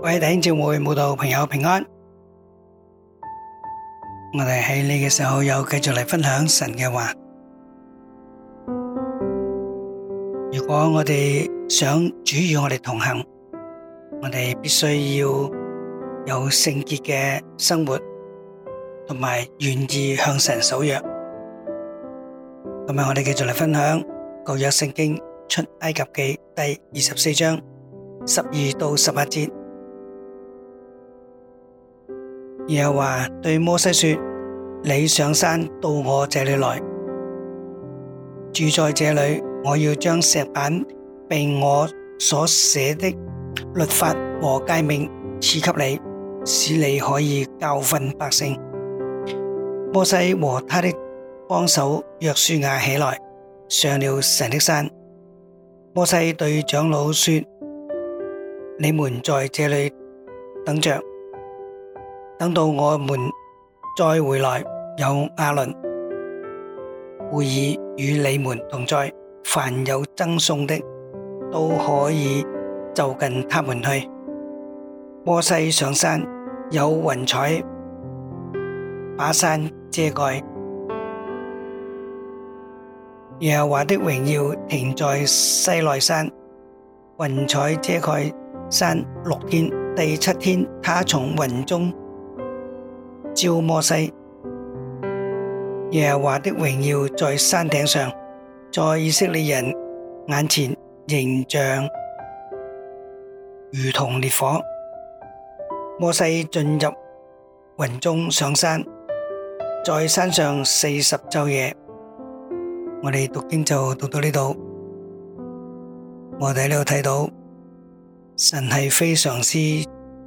各位弟兄姊妹、慕道朋友平安，我哋喺呢個時候又繼續嚟分享神嘅話。如果我哋想主與我哋同行，我哋必須要有聖潔嘅生活，同埋願意向神守約。今日，我哋繼續嚟分享舊約聖經出埃及記第二十四章十二到十八節。耶和華對摩西說：你上山到我這裏來，住在這裏，我要將石板並我所寫的律法和誡命賜給你，使你可以教訓百姓。摩西和他的幫手約書亞起來，上了神的山。摩西對長老說：你們在這裏等着。等到我們再回來，有亞倫戶珥與你們同在。凡有爭訟的，都可以就近他們去。摩西上山，有雲彩把山遮蓋。耶和華的榮耀停在西奈山，雲彩遮蓋山六天。第七天，他從雲中。照摩西，耶和華的榮耀在山頂上，在以色列人眼前，形象如同烈火。摩西進入雲中上山，在山上四十晝夜。我哋讀經就讀到呢度，我哋喺呢度睇到神係非常之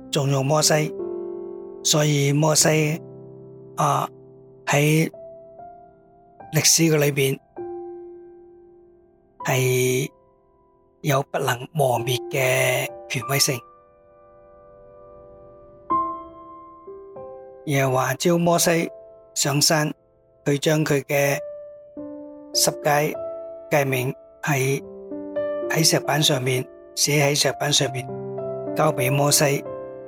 重用摩西。所以摩西啊喺歷史嘅裏邊係有不能磨滅嘅權威性，又話招摩西上山去將佢嘅十誡誡命喺喺石板上面寫喺石板上面交俾摩西。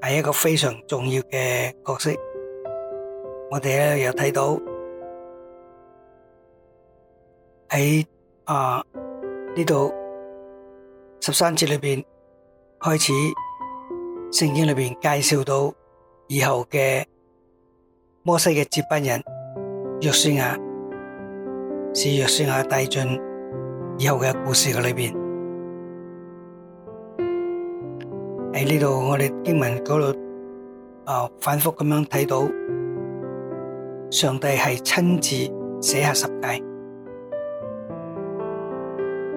係一個非常重要嘅角色，我哋呢有睇到喺啊呢度十三節裏邊開始，聖經裏邊介紹到以後嘅摩西嘅接班人約書亞，是約書亞帶進以後嘅故事嘅裏邊。喺呢度，我哋經文嗰度，啊，反覆咁樣睇到，上帝係親自寫下十誡。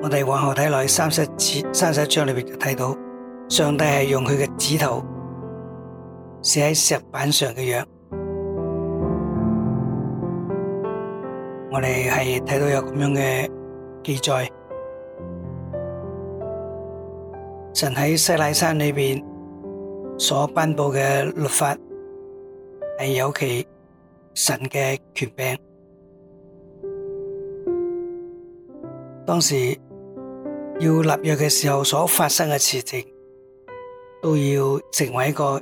我哋往後睇落去，三十一三十一章裏面就睇到，上帝係用佢嘅指頭寫喺石板上嘅樣。我哋係睇到有咁樣嘅記載。神喺西奈山裏面所頒布嘅律法，係有其神嘅權柄。當時要立約嘅時候所發生嘅事情，都要成為一個、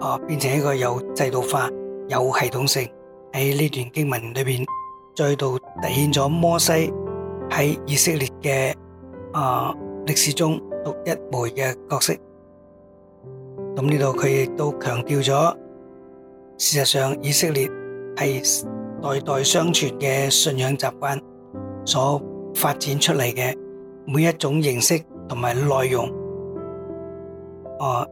呃、變成一個有制度化、有系統性，喺呢段經文裏面，再度體現咗摩西喺以色列嘅、啊、呃、歷史中。獨一枚嘅角色，咁呢度佢亦都強調咗，事實上以色列係代代相傳嘅信仰習慣所發展出嚟嘅每一種形式同埋內容，啊，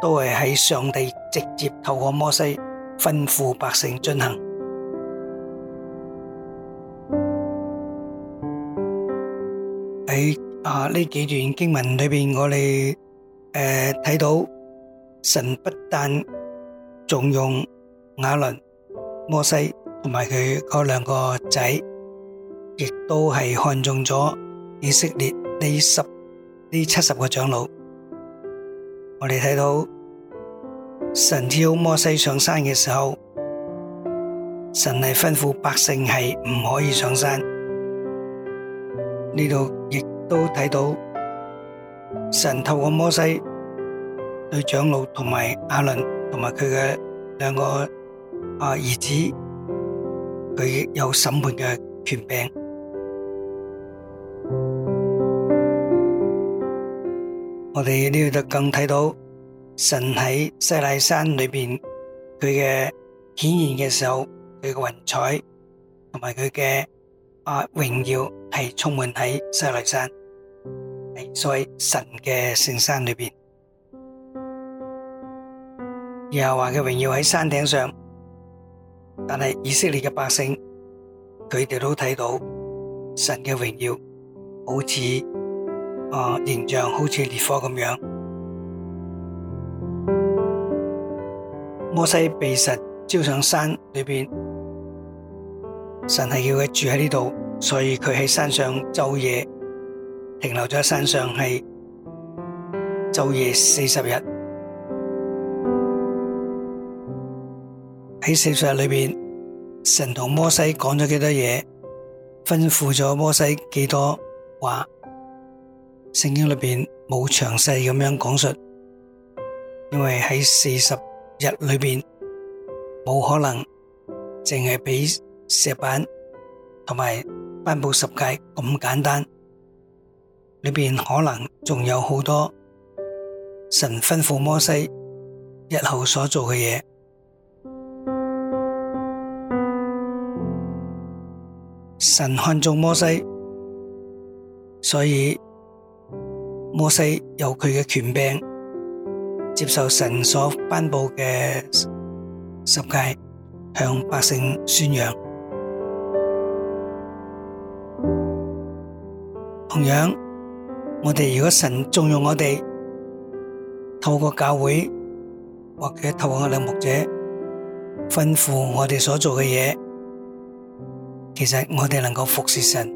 都係喺上帝直接透過摩西吩咐百姓進行。啊！呢幾段經文裏邊，我哋誒睇到神不但重用亞倫、摩西同埋佢嗰兩個仔，亦都係看中咗以色列呢十呢七十個長老。我哋睇到神挑摩西上山嘅時候，神係吩咐百姓係唔可以上山。呢度亦。都睇到神透過摩西對長老同埋亞倫同埋佢嘅兩個啊兒子，佢有審判嘅權柄。我哋呢度更睇到神喺西奈山裏面佢嘅顯現嘅時候，佢嘅雲彩同埋佢嘅啊榮耀。係充滿喺西奈山，所以神嘅聖山裏邊，耶和華嘅榮耀喺山頂上。但係以色列嘅百姓，佢哋都睇到神嘅榮耀，好似啊形象，好似烈火咁樣。摩西被神召上山裏邊，神係叫佢住喺呢度。所以佢喺山上晝夜停留咗喺山上，係晝夜四十日。喺四十日裏面，神同摩西講咗幾多嘢，吩咐咗摩西幾多話。聖經裏面冇詳細咁樣講述，因為喺四十日裏面冇可能淨係畀石板同埋頒布十誡咁簡單，裏面可能仲有好多神吩咐摩西日後所做嘅嘢。神看中摩西，所以摩西有佢嘅權柄，接受神所頒布嘅十誡，向百姓宣揚。同樣，我哋如果神重用我哋，透過教會或者透過我哋牧者，吩咐我哋所做嘅嘢，其實我哋能夠服侍神、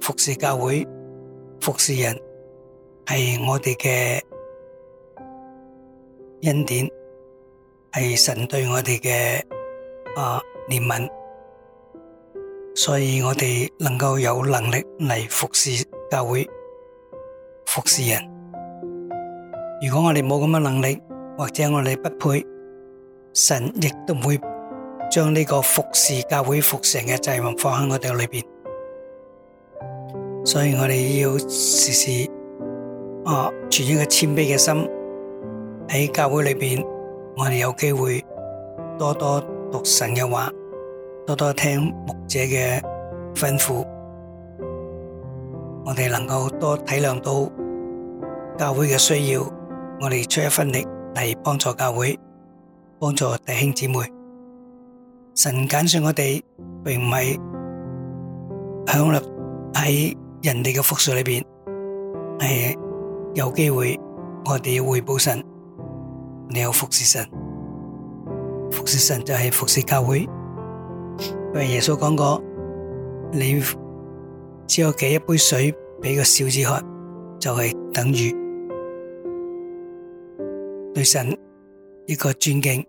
服侍教會、服侍人，係我哋嘅恩典，係神對我哋嘅啊憐憫，所以我哋能夠有能力嚟服侍。教會服侍人，如果我哋冇咁嘅能力，或者我哋不配，神亦都唔會將呢個服侍教會服神嘅責任放喺我哋裏邊。所以我哋要時時啊存一個謙卑嘅心喺教會裏邊，我哋有機會多多讀神嘅話，多多聽牧者嘅吩咐。我哋能夠多體諒到教會嘅需要，我哋出一分力嚟幫助教會，幫助弟兄姊妹。神揀選我哋，並唔係享樂喺人哋嘅福壽裏邊，係有機會我哋要回報神。你有服侍神，服侍神就係服侍教會。因為耶穌講過，你。只有給一杯水俾個小子喝，就係等於對神一個尊敬，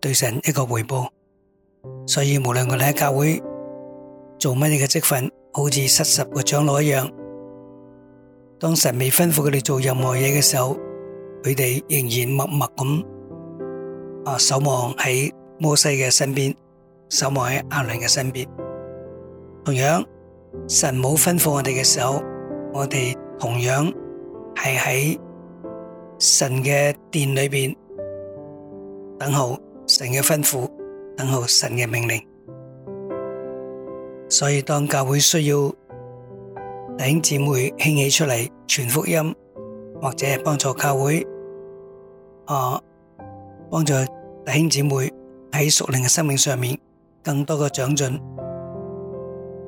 對神一個回報。所以無論我哋喺教會做乜嘢嘅職份，好似失十個長老一樣。當神未吩咐佢哋做任何嘢嘅時候，佢哋仍然默默咁啊守望喺摩西嘅身邊，守望喺阿倫嘅身邊，同樣。神冇吩咐我哋嘅時候，我哋同樣係喺神嘅殿裏邊等候神嘅吩咐，等候神嘅命令。所以當教會需要弟兄姊妹興起出嚟傳福音，或者幫助教會啊，幫助弟兄姊妹喺屬靈嘅生命上面更多嘅長進。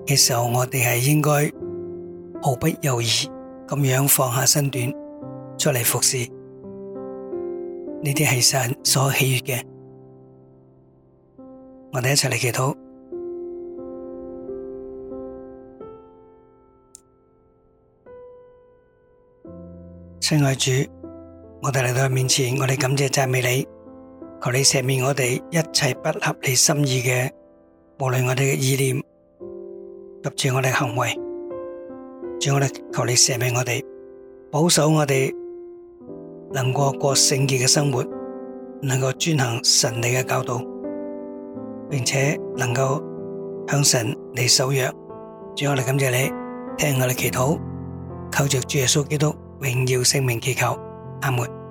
嘅時候，我哋係應該毫不猶豫咁樣放下身段，出嚟服侍。呢啲係神所喜悅嘅。我哋一齊嚟祈禱。親愛主，我哋嚟到你面前，我哋感謝讚美你，求你赦免我哋一切不合你心意嘅，無論我哋嘅意念。及住我哋嘅行為，主，我哋求你赦免我哋，保守我哋能過過聖潔嘅生活，能夠遵行神你嘅教導，並且能夠向神你守約。主，我哋感謝你聽我哋祈禱，靠着主耶穌基督榮耀聖名祈求，阿門。